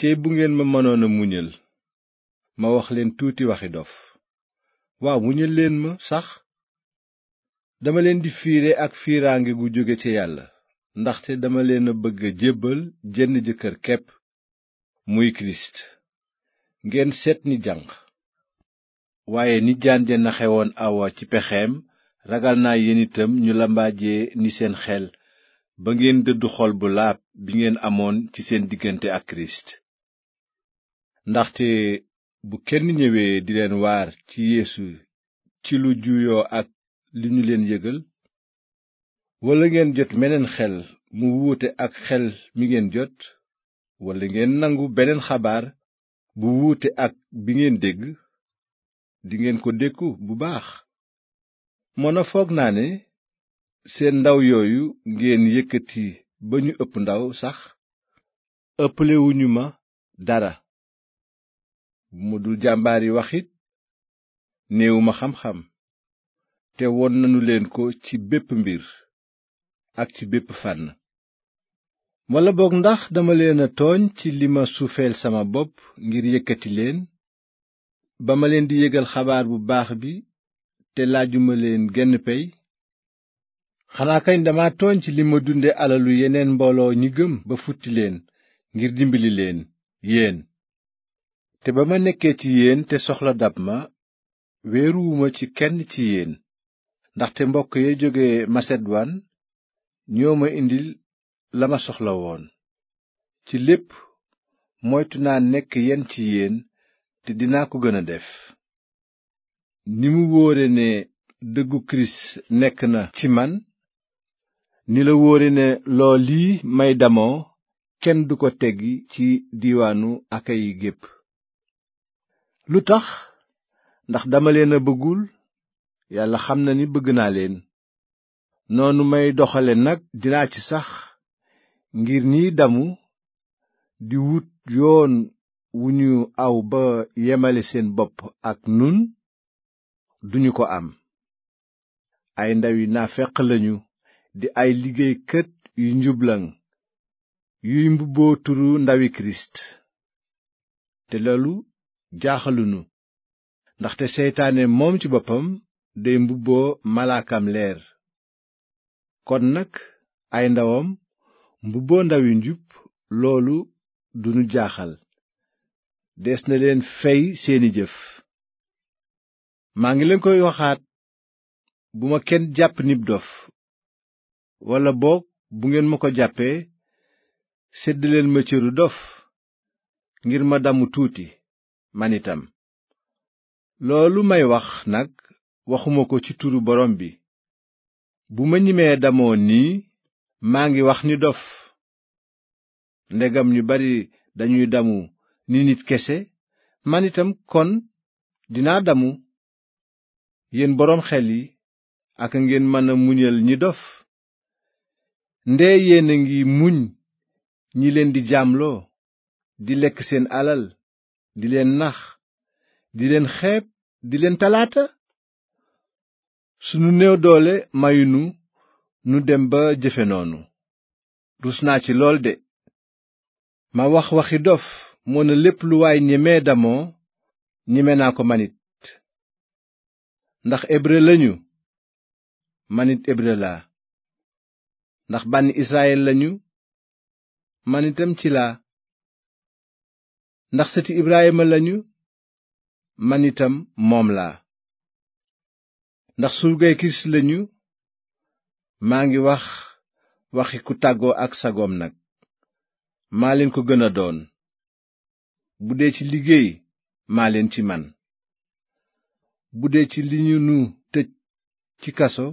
céy bu ngeen ma mënoon a muñal ma wax leen tuuti waxi dof waaw muñal leen ma sax dama leen di fiire ak fiiraange gu jóge ci yàlla ndaxte dama leen a bëgg a jébbal jenn jëkkër képp muy kirist ngeen seet ni janq waaye ni jaan ja naxewoon awa ci pexeem ragal naa yéen itam ñu lambaaje ni seen xel ba ngeen dëddu xol bu laab bi ngeen amoon ci seen diggante ak kirist ndaxte bu kenn ñëwee di leen waar ci yeesu ci lu juyoo ak li ñu leen yëgal walla ngeen jot meneen xel mu wuute ak xel mi ngeen jot walla ngeen nangu beneen xabaar bu wuute ak bi ngeen dégg dingeen ko dékku bu baax moona foog naa ne seen ndaw yooyu ngeen yëkkati ba ñu ëpp ndaw sax ëpplewuñu ma dara bu ma dul jàmbaar yi waxit néewuma xam-xam te won nanu leen ko ci bépp mbir ak ci bépp fànn walla boog ndax dama leen a tooñ ci li ma suufeel sama bopp ngir yëkkati leen ba ma leen di yëgal xabaar bu baax bi te laajuma leen genn pey xanaa kañ dama tooñ ci li ma dunde alalu yeneen mbooloo ñi gëm ba futti leen ngir dimbali leen yéen te ba ma nekkee ci yéen te soxla dab ma weeruwuma ci kenn ci yéen ndaxte mbokk ya jóge maseduwaan ñoo ma indi la ma soxla woon ci lépp moytu naa nekk yenn ci yéen te dinaa ko gën a def ni mu wóore ne dëggu kirist nekk na ci man ni la wóore ne loo lii may damoo kenn du ko teggi ci diwaanu akayi gépp lu tax ndax dama leen a bëggul yàlla xam na ni bëgg naa leen noonu may doxale nag dinaa ci sax ngir nii damu di wut yoon wu ñu aw ba yemale seen bopp ak nun duñu ko am ay ndawi naafeq lañu di ay liggéey kët yu njublaŋ yuy mbubboo turu ndawi kirist te loolu jaaxalunu ndaxte seytaane moom ci boppam day mbubboo malaakam leer kon nag ay ndawam mbubboo ndawi njub loolu duñu jaaxal des na leen fey seeni jëf maa ngi leen koy waxaat bu ma kenn jàpp nib dof walla boog bu ngeen ma ko jàppee séddaleen ma cëru dof ngir ma damu tuuti man loolu may wax nag waxuma ko ci turu borom bi bu ma ñimee damoo nii maa ngi wax ni dof ndegam ñu bari dañuy damu ni nit kese manitam kon dinaa damu yéen boroom xel yi ak ngeen mën a muñal ñi dof ndee yéen ngi muñ ñi leen di jaamloo di lekk seen alal di leen nax di leen xeeb di leen talaata sunu neew doole mayunu nu dem ba jëfe noonu rus naa ci lool de ma wax waxi dof moo na lépp lu waay ñemee damoo ñeme naa ko manit ndax hébrë lañu manit ebre la ndax bànni israyil lañu manitam ci laa ndax sëti Ibrahima lañu man itam moom laa ndax surgay Kirist lañu maa ngi wax waxi ku tàggoo ak sagoom nag maa leen ko gën a doon bu dee ci liggéey maa leen ci man bu dee ci li ñu nu tëj ci kaso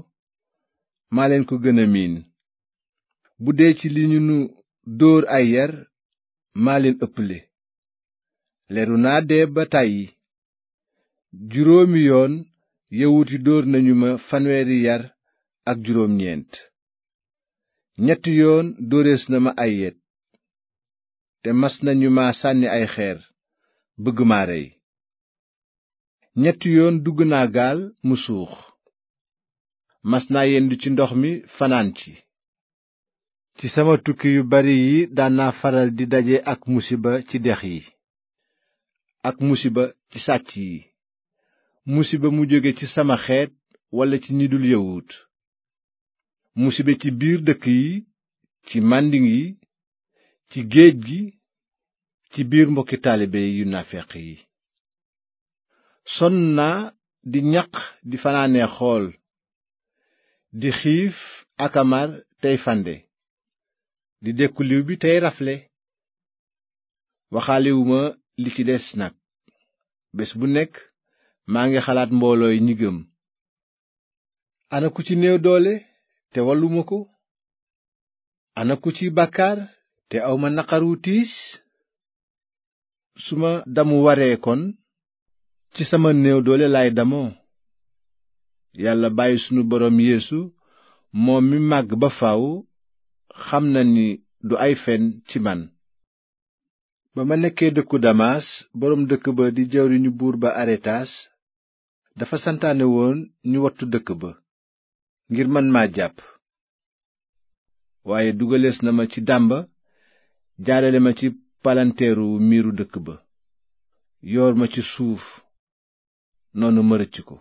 maa leen ko gën a miin bu dee ci li ñu nu dóor ay yar maa leen ëpp ëpple leru naa dee ba tàyyi juróomi yoon yawut yi dóor nañu ma fanweeri yar ak juróom ñeent ñetti yoon dóorees na ma ay yet te mas nañu ma sànni ay xeer bëgg ma rey ñetti yoon dugg naa gaal mu suux mas naa yendu ci ndox mi fanaan ci ci sama tukki yu bari yi daan faral di daje ak musiba ci dex yi ak musiba ci sàcc yi musiba mu jóge ci sama xeet wala ci ñi dul yawut musiba ci biir dëkk yi ci màndiŋ yi ci géej gi ci biir mbokki taalibe yu nafeq yi sonn naa di ñaq di fanaane xool di xiif ak a mar tey fande di dekku liw bi tey rafle waxaalewuma li ci des nag bés bu nekk maa ngi xalaat mboolooy ñi gëm ana ku ci néew doole te walluma ko ana ci bàkkaar te awma naqaru tiis su ma damu waree kon ci sama néew doole lay damoo yàlla bàyyi sunu borom yeesu moom mi màgg ba faw xam na ni du ay fen ci man ba ma nekkee dëkku damaas boroom dëkk ba di jawriñu buur ba aretaas dafa santaane woon ñu wattu dëkk ba ngir man maa jàpp waaye dugalees na ma ci dàmba jaarale ma ci palanteeru miiru dëkk ba yoor ma ci suuf noonu ma rëcc ko